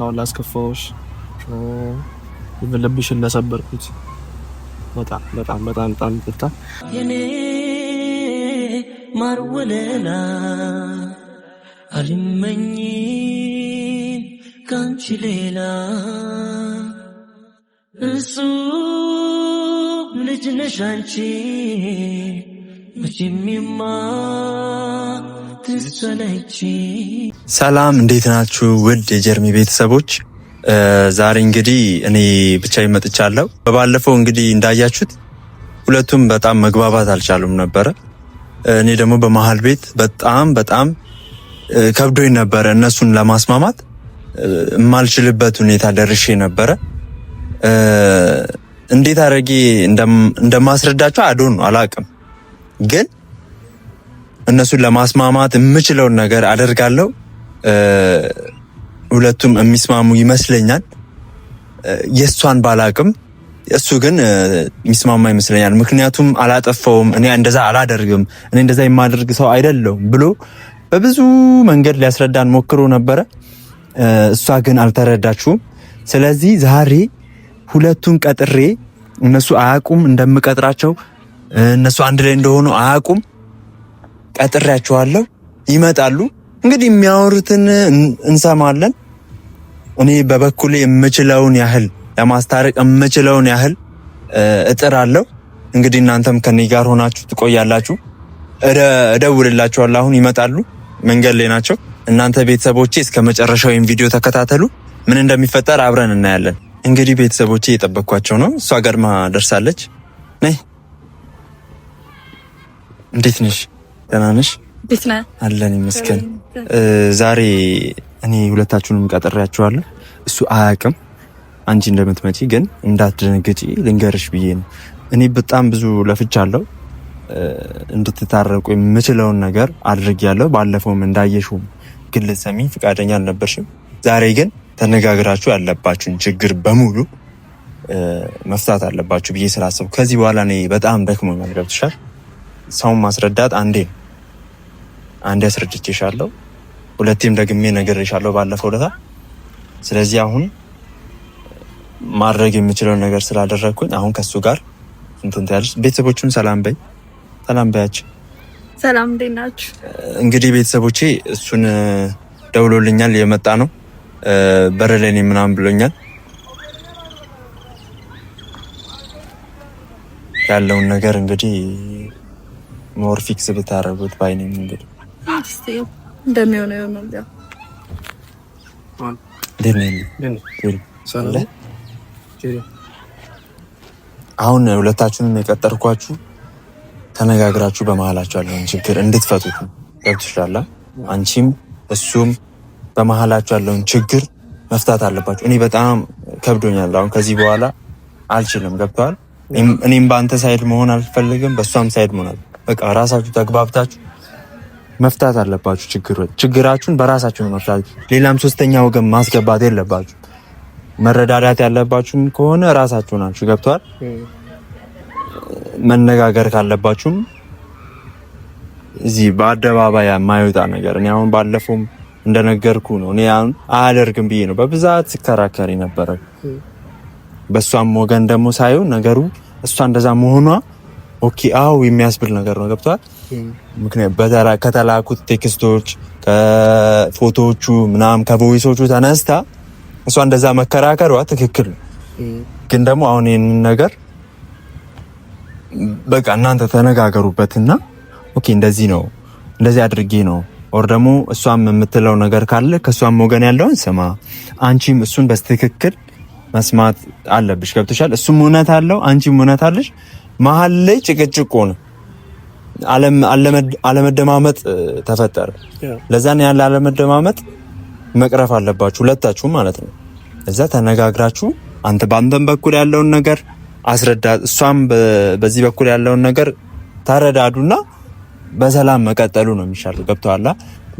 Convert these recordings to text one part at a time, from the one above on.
እስካሁን ላስከፋዎች ልብሽን እንደሰበርኩት በጣም በጣም በጣም በጣም ይቅርታ የኔ ማር ወለላ አልመኝም ከአንቺ ሌላ እሱ ልጅ ነሽ አንቺ መቼም ይማር ሰላም እንዴት ናችሁ? ውድ የጀርሚ ቤተሰቦች ዛሬ እንግዲህ እኔ ብቻ ይመጥቻለሁ። በባለፈው እንግዲህ እንዳያችሁት ሁለቱም በጣም መግባባት አልቻሉም ነበረ። እኔ ደግሞ በመሀል ቤት በጣም በጣም ከብዶኝ ነበረ እነሱን ለማስማማት የማልችልበት ሁኔታ ደርሼ ነበረ። እንዴት አድርጌ እንደማስረዳቸው አዶን አላቅም አላውቅም ግን እነሱን ለማስማማት የምችለውን ነገር አደርጋለሁ። ሁለቱም የሚስማሙ ይመስለኛል። የእሷን ባላቅም እሱ ግን የሚስማማ ይመስለኛል። ምክንያቱም አላጠፋውም፣ እኔ እንደዛ አላደርግም፣ እኔ እንደዛ የማደርግ ሰው አይደለውም ብሎ በብዙ መንገድ ሊያስረዳን ሞክሮ ነበረ። እሷ ግን አልተረዳችሁም። ስለዚህ ዛሬ ሁለቱን ቀጥሬ እነሱ አያውቁም እንደምቀጥራቸው እነሱ አንድ ላይ እንደሆኑ አያውቁም። ቀጥሬያቸዋለሁ። ይመጣሉ እንግዲህ የሚያወሩትን እንሰማለን። እኔ በበኩሌ የምችለውን ያህል ለማስታረቅ የምችለውን ያህል እጥራለሁ። እንግዲህ እናንተም ከኔ ጋር ሆናችሁ ትቆያላችሁ። እደውልላችኋለሁ። አሁን ይመጣሉ፣ መንገድ ላይ ናቸው። እናንተ ቤተሰቦቼ እስከ መጨረሻው ይህን ቪዲዮ ተከታተሉ። ምን እንደሚፈጠር አብረን እናያለን። እንግዲህ ቤተሰቦቼ እየጠበቅኳቸው ነው። እሷ ገድማ ደርሳለች። ነይ፣ እንዴት ነሽ? ደህና ነሽ? አለን ይመስገን። ዛሬ እኔ ሁለታችሁንም ቀጥሬያችኋለሁ። እሱ አያውቅም አንቺ እንደምትመጪ፣ ግን እንዳትደነግጪ ልንገርሽ ብዬ ነው። እኔ በጣም ብዙ ለፍቻለሁ እንድትታረቁ የምችለውን ነገር አድርጌያለሁ። ባለፈውም እንዳየሽውም ግን ልትሰሚኝ ፍቃደኛ አልነበርሽም። ዛሬ ግን ተነጋግራችሁ ያለባችሁን ችግር በሙሉ መፍታት አለባችሁ ብዬ ስላሰብኩ ከዚህ በኋላ እኔ በጣም ደክሞኛል። ገብቶሻል? ሰውን ማስረዳት አንዴ ነው አንድ አስረድቼሻለሁ፣ ሁለቴም ደግሜ ነግሬሻለሁ ባለፈው ለታ። ስለዚህ አሁን ማድረግ የምችለውን ነገር ስላደረግኩኝ አሁን ከሱ ጋር እንትን ትያለሽ። ቤተሰቦቹን ሰላም በይ፣ ሰላም በያች። ሰላም እንዴት ናችሁ? እንግዲህ ቤተሰቦቼ እሱን ደውሎልኛል፣ የመጣ ነው በር ላይ እኔ ምናምን ብሎኛል። ያለውን ነገር እንግዲህ ሞር ፊክስ ብታረጉት ባይነኝ እንግዲህ አሁን ሁለታችሁንም የቀጠርኳችሁ ተነጋግራችሁ በመሀላችሁ ያለውን ችግር እንድትፈቱት ገብትሻላ። አንቺም እሱም በመሀላችሁ ያለውን ችግር መፍታት አለባችሁ። እኔ በጣም ከብዶኛል። አሁን ከዚህ በኋላ አልችልም። ገብተዋል። እኔም በአንተ ሳይድ መሆን አልፈልግም፣ በእሷም ሳይድ መሆን በቃ ራሳችሁ ተግባብታችሁ መፍታት አለባችሁ። ችግር ችግራችሁን በራሳችሁ ነው መፍታት፣ ሌላም ሶስተኛ ወገን ማስገባት የለባችሁ። መረዳዳት ያለባችሁም ከሆነ ራሳችሁ ናችሁ። ገብቷል። መነጋገር ካለባችሁም እዚህ በአደባባይ የማይወጣ ነገር እኔ አሁን ባለፈውም እንደነገርኩ ነው። እኔ አሁን አያደርግም ብዬ ነው በብዛት ሲከራከር ነበረ። በእሷም ወገን ደግሞ ሳየው ነገሩ እሷ እንደዛ መሆኗ ኦኬ አው የሚያስብል ነገር ነው። ገብቷል ከተላኩት ቴክስቶች ከፎቶዎቹ ምናምን ከቮይሶቹ ተነስታ እሷ እንደዛ መከራከሯ ትክክል ግን ደግሞ አሁን ይህንን ነገር በቃ እናንተ ተነጋገሩበትና ኦኬ እንደዚህ ነው እንደዚህ አድርጌ ነው ኦር ደግሞ እሷም የምትለው ነገር ካለ ከእሷም ወገን ያለውን ስማ፣ አንቺም እሱን በትክክል መስማት አለብሽ። ገብቶሻል? እሱም እውነት አለው፣ አንቺም እውነት አለሽ። መሀል ላይ ጭቅጭቅ ሆነ። አለመደማመጥ ተፈጠረ። ለዛን ያለ አለመደማመጥ መቅረፍ አለባችሁ ሁለታችሁም ማለት ነው። እዛ ተነጋግራችሁ አንተ በአንተም በኩል ያለውን ነገር አስረዳት፣ እሷም በዚህ በኩል ያለውን ነገር ተረዳዱና በሰላም መቀጠሉ ነው የሚሻለው። ገብተዋላ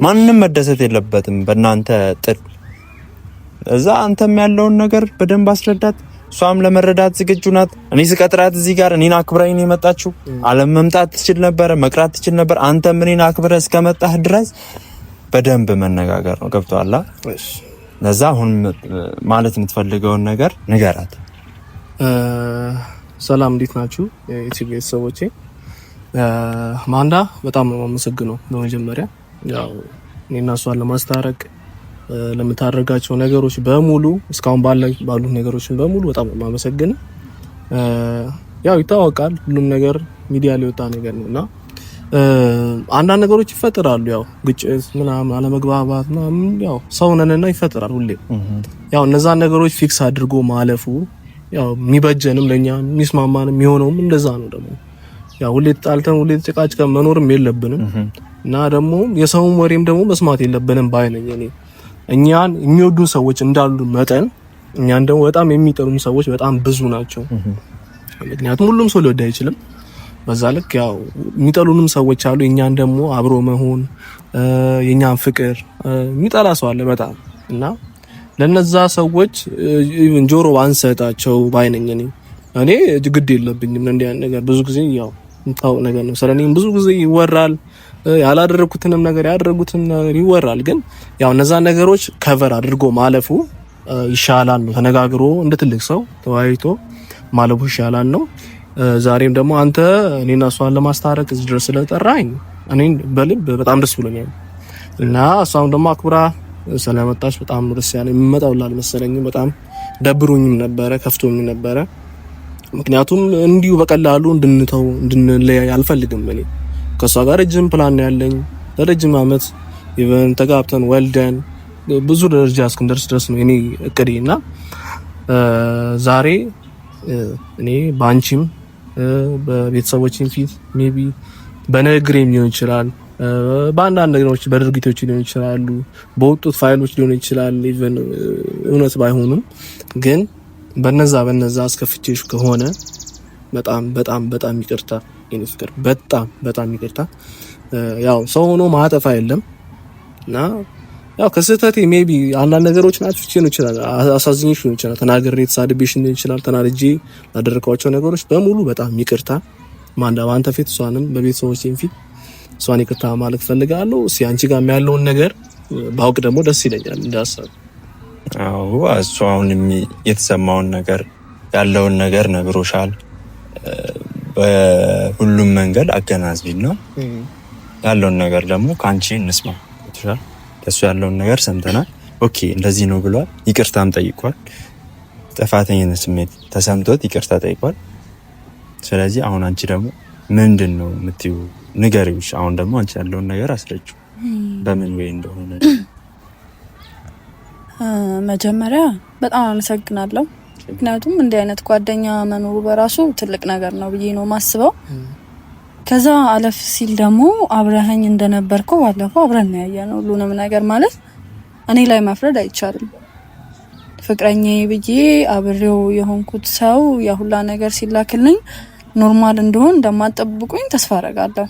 ማንም መደሰት የለበትም በእናንተ ጥል። እዛ አንተም ያለውን ነገር በደንብ አስረዳት። እሷም ለመረዳት ዝግጁ ናት። እኔ ስቀጥራት እዚህ ጋር እኔን አክብራኝ ነው የመጣችው። አለም መምጣት ትችል ነበረ መቅራት ትችል ነበር። አንተም እኔን አክብረህ እስከመጣህ ድረስ በደንብ መነጋገር ነው። ገብቶሃል? ለዛ አሁን ማለት የምትፈልገውን ነገር ንገራት። ሰላም፣ እንዴት ናችሁ የዩቲዩብ ቤተሰቦቼ? ማንዳ በጣም ነው የማመሰግነው በመጀመሪያ ያው እኔና እሷን ለማስታረቅ ለምታደርጋቸው ነገሮች በሙሉ እስካሁን ባሉት ነገሮችን በሙሉ በጣም ማመሰግን። ያው ይታወቃል ሁሉም ነገር ሚዲያ ሊወጣ ነገር ነው እና አንዳንድ ነገሮች ይፈጠራሉ። ያው ግጭት ምናምን፣ አለመግባባት ምናምን ያው ሰው ነንና ይፈጠራል ሁሌ። ያው እነዛን ነገሮች ፊክስ አድርጎ ማለፉ ያው የሚበጀንም ለኛ የሚስማማንም የሚሆነውም እንደዛ ነው። ደግሞ ያው ሁሌ ተጣልተን ሁሌ ተጨቃጭቀን መኖርም የለብንም እና ደግሞ የሰው ወሬም ደግሞ መስማት የለብንም ባይነኝ እኔ እኛን የሚወዱን ሰዎች እንዳሉ መጠን እኛን ደግሞ በጣም የሚጠሉን ሰዎች በጣም ብዙ ናቸው። ምክንያቱም ሁሉም ሰው ሊወድ አይችልም። በዛ ልክ ያው የሚጠሉንም ሰዎች አሉ። እኛን ደግሞ አብሮ መሆን የእኛን ፍቅር የሚጠላ ሰው አለ በጣም እና ለነዛ ሰዎች ኢቭን ጆሮ ባንሰጣቸው ባይነኝ እኔ እኔ ግድ የለብኝም እንዲያን ነገር ብዙ ጊዜ ያው የምታወቅ ነገር ነው። ስለኔም ብዙ ጊዜ ይወራል ያላደረኩትንም ነገር ያደረጉትን ነገር ይወራል። ግን ያው እነዛን ነገሮች ከቨር አድርጎ ማለፉ ይሻላል ነው። ተነጋግሮ እንደ ትልቅ ሰው ተወያይቶ ማለፉ ይሻላል ነው። ዛሬም ደግሞ አንተ እኔና እሷን ለማስታረቅ እዚህ ድረስ ስለጠራኝ እኔን በልብ በጣም ደስ ብሎኛል እና እሷም ደግሞ አክብራ ስለመጣች በጣም ደስ ያለ የምመጣውላል መሰለኝ። በጣም ደብሮኝም ነበረ ከፍቶኝ ነበረ። ምክንያቱም እንዲሁ በቀላሉ እንድንተው እንድንለያይ አልፈልግም እኔ ከእሷ ጋር ረጅም ፕላን ያለኝ ለረጅም አመት ኢቨን ተጋብተን ወልደን ብዙ ደረጃ እስክንደርስ ድረስ ነው እኔ እቅዴ እና ዛሬ እኔ በአንቺም በቤተሰቦችን ፊት ሜቢ በንግግሬም ሊሆን ይችላል በአንዳንድ ነገሮች በድርጊቶች ሊሆን ይችላሉ፣ በወጡት ፋይሎች ሊሆን ይችላል። ኢቨን እውነት ባይሆኑም ግን በነዛ በነዛ አስከፍቼሽ ከሆነ በጣም በጣም በጣም ይቅርታ። የኔ ፍቅር በጣም በጣም ይቅርታ። ያው ሰው ሆኖ ማጠፋ የለም እና ያው ከስህተቴ ሜቢ አንዳንድ ነገሮች ናቸው ሊሆን ይችላል፣ አሳዝኜሽ ሊሆን ይችላል፣ ተናግሬ ተሳድቤሽ ሊሆን ይችላል፣ ተናድጄ ላደረኳቸው ነገሮች በሙሉ በጣም ይቅርታ። ማንዳ በአንተ ፊት እሷንም በቤተሰቦች ፊት እሷን ይቅርታ ማለት ፈልጋለሁ። እስኪ አንቺ ጋር ያለውን ነገር ባውቅ ደግሞ ደስ ይለኛል እንደ ሀሳብ። አዎ እሱ አሁን የተሰማውን ነገር ያለውን ነገር ነግሮሻል። በሁሉም መንገድ ነው ያለውን ነገር ደግሞ ከአንቺ እንስማ ለእሱ ያለውን ነገር ሰምተናል። ኦኬ እንደዚህ ነው ብሏል። ይቅርታም ጠይቋል። ጥፋተኝነት ስሜት ተሰምቶት ይቅርታ ጠይቋል። ስለዚህ አሁን አንቺ ደግሞ ምንድን ነው የምትይው ንገሪዎች። አሁን ደግሞ አንቺ ያለውን ነገር አስረጅው በምን ወይ እንደሆነ መጀመሪያ በጣም አመሰግናለሁ። ምክንያቱም እንዲህ አይነት ጓደኛ መኖሩ በራሱ ትልቅ ነገር ነው ብዬ ነው ማስበው። ከዛ አለፍ ሲል ደግሞ አብረኸኝ እንደነበርከው ባለፈው አብረን ያየ ነው ሁሉንም ነገር ማለት እኔ ላይ ማፍረድ አይቻልም። ፍቅረኛ ብዬ አብሬው የሆንኩት ሰው የሁላ ነገር ሲላክልኝ ኖርማል እንደሆን እንደማጠብቁኝ ተስፋ አረጋለሁ።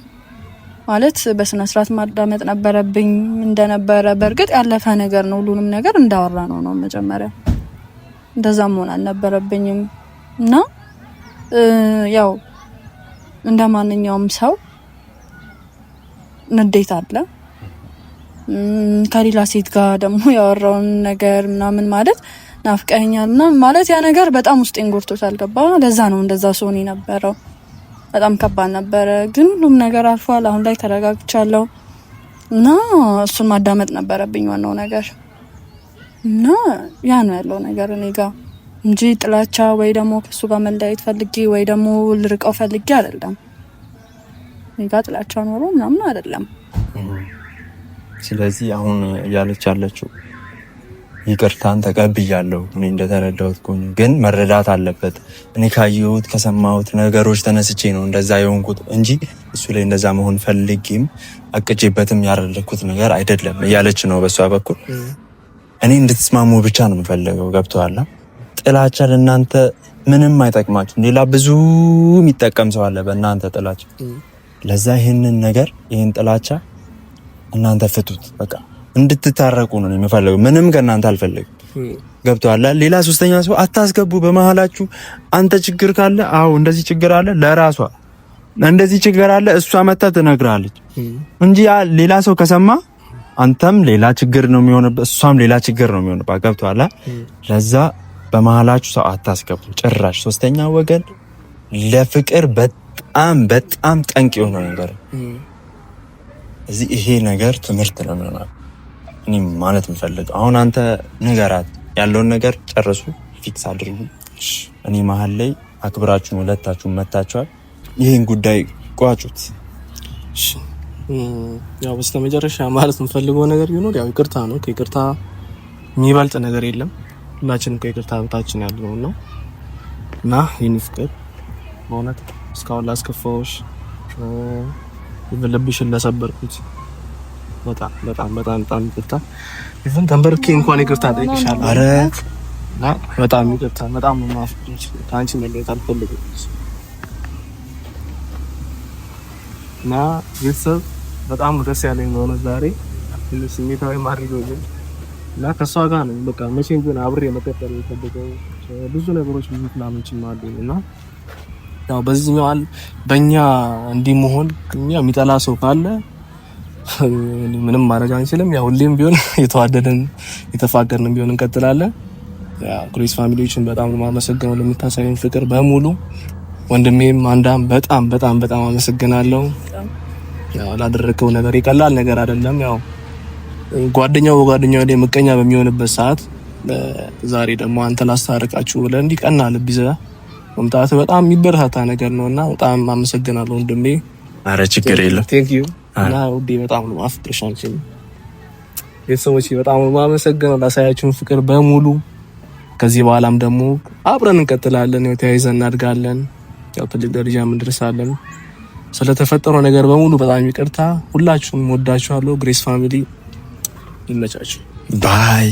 ማለት በስነ ስርዓት ማዳመጥ ነበረብኝ እንደነበረ። በእርግጥ ያለፈ ነገር ነው፣ ሁሉንም ነገር እንዳወራ ነው ነው መጀመሪያ እንደዛ መሆን አልነበረብኝም እና ያው እንደ ማንኛውም ሰው ንዴት አለ። ከሌላ ሴት ጋር ደግሞ ያወራውን ነገር ምናምን ማለት ናፍቀኛል ምናምን ማለት ያ ነገር በጣም ውስጤን ጎድቶታል። አልገባ። ለዛ ነው እንደዛ ሰሆን የነበረው። በጣም ከባድ ነበረ፣ ግን ሁሉም ነገር አልፏል። አሁን ላይ ተረጋግቻለሁ እና እሱን ማዳመጥ ነበረብኝ ዋናው ነገር እና ያ ነው ያለው ነገር እኔ ጋር እንጂ ጥላቻ ወይ ደግሞ ከሱ ጋር መለያየት ፈልጌ ወይ ደግሞ ልርቀው ፈልጌ አይደለም። እኔ ጋር ጥላቻ ኖሮ ምናምን አይደለም። ስለዚህ አሁን እያለች ያለችው ይቅርታን ተቀብያለሁ። እኔ እንደተረዳሁት ከሆነ ግን መረዳት አለበት። እኔ ካየሁት ከሰማሁት ነገሮች ተነስቼ ነው እንደዛ የሆንኩት እንጂ እሱ ላይ እንደዛ መሆን ፈልጌም አቅጄበትም ያደረኩት ነገር አይደለም እያለች ነው በሷ በኩል እኔ እንድትስማሙ ብቻ ነው የምፈልገው። ገብቶሃል? ጥላቻ ለእናንተ ምንም አይጠቅማችሁም። ሌላ ብዙ የሚጠቀም ሰው አለ በእናንተ ጥላቻ። ለዛ ይህንን ነገር ይህን ጥላቻ እናንተ ፍቱት። በቃ እንድትታረቁ ነው የምፈልገው። ምንም ከእናንተ አልፈልግም። ገብቶሃል? ሌላ ሶስተኛ ሰው አታስገቡ በመሀላችሁ። አንተ ችግር ካለ አዎ፣ እንደዚህ ችግር አለ ለራሷ እንደዚህ ችግር አለ እሷ መታ ትነግራለች እንጂ ሌላ ሰው ከሰማ አንተም ሌላ ችግር ነው የሚሆንበት፣ እሷም ሌላ ችግር ነው የሚሆንበት። ገብቶሃል? ለዛ በመሀላችሁ ሰው አታስገቡ ጭራሽ። ሶስተኛ ወገን ለፍቅር በጣም በጣም ጠንቅ የሆነ ነገር እዚህ ይሄ ነገር ትምህርት ነው የሚሆናል። እኔ ማለት የምፈልገው አሁን አንተ ንገራት ያለውን ነገር ጨርሱ፣ ፊክስ አድርጉ። እኔ መሀል ላይ አክብራችሁን ሁለታችሁን መታችኋል። ይህን ጉዳይ ቋጩት። ያው በስተመጨረሻ ማለት የምፈልገው ነገር ቢኖር ያው ይቅርታ ነው። ከይቅርታ የሚበልጥ ነገር የለም። ሁላችንም ከይቅርታ በታችን ያለው ነው እና እና ይህን ፍቅር በእውነት እስካሁን ላስከፋዎች ልብሽን ለሰበርኩት በጣም በጣም በጣም በጣም ይቅርታ። ይፍን ተንበርኬ እንኳን ይቅርታ ጠይቅሻለሁ። አረ በጣም ይቅርታ። በጣም ማፍቅሽ ከአንቺ መለየት አልፈልግም እና ቤተሰብ በጣም ደስ ያለኝ ነው ዛሬ ስሜታዊ ማድረገኝ እና ከእሷ ጋር ነው በቃ መቼም ቢሆን አብሬ መቀጠል የጠበቀው ብዙ ነገሮች ብዙ ፕላኖችም አሉኝ እና ያው በዚህ መዋል በእኛ እንዲህ መሆን እኛ የሚጠላ ሰው ካለ ምንም ማድረግ አንችልም። ያው ሁሌም ቢሆን የተዋደደን የተፋቀርን ቢሆን እንቀጥላለን። ክሪስ ፋሚሊዎችን በጣም ማመሰግነው ለምታሳዩን ፍቅር በሙሉ። ወንድሜም አንዳም በጣም በጣም በጣም አመሰግናለሁ። ያው ላደረከው ነገር ይቀላል ነገር አይደለም። ያው ጓደኛው ጓደኛው ላይ ምቀኛ በሚሆንበት ሰዓት ዛሬ ደግሞ አንተ ላስታርቃችሁ ብለህ እንዲቀና ልብ ይዘህ መምጣት በጣም የሚበረታታ ነገር ነውና በጣም አመሰግናለሁ ወንድሜ። አረ ችግር የለም ቴንክ ዩ እና ውዴ በጣም ነው አፍቅርሻችን ቤተሰቦች በጣም ነው ማመሰግነው ላሳያችሁን ፍቅር በሙሉ። ከዚህ በኋላም ደግሞ አብረን እንቀጥላለን። ያው ተያይዘን እናድጋለን። ያው ትልቅ ደረጃ እንደርሳለን። ስለተፈጠረው ነገር በሙሉ በጣም ይቅርታ። ሁላችሁም ወዳችኋለሁ። ግሬስ ፋሚሊ ይመቻችሁ። ባይ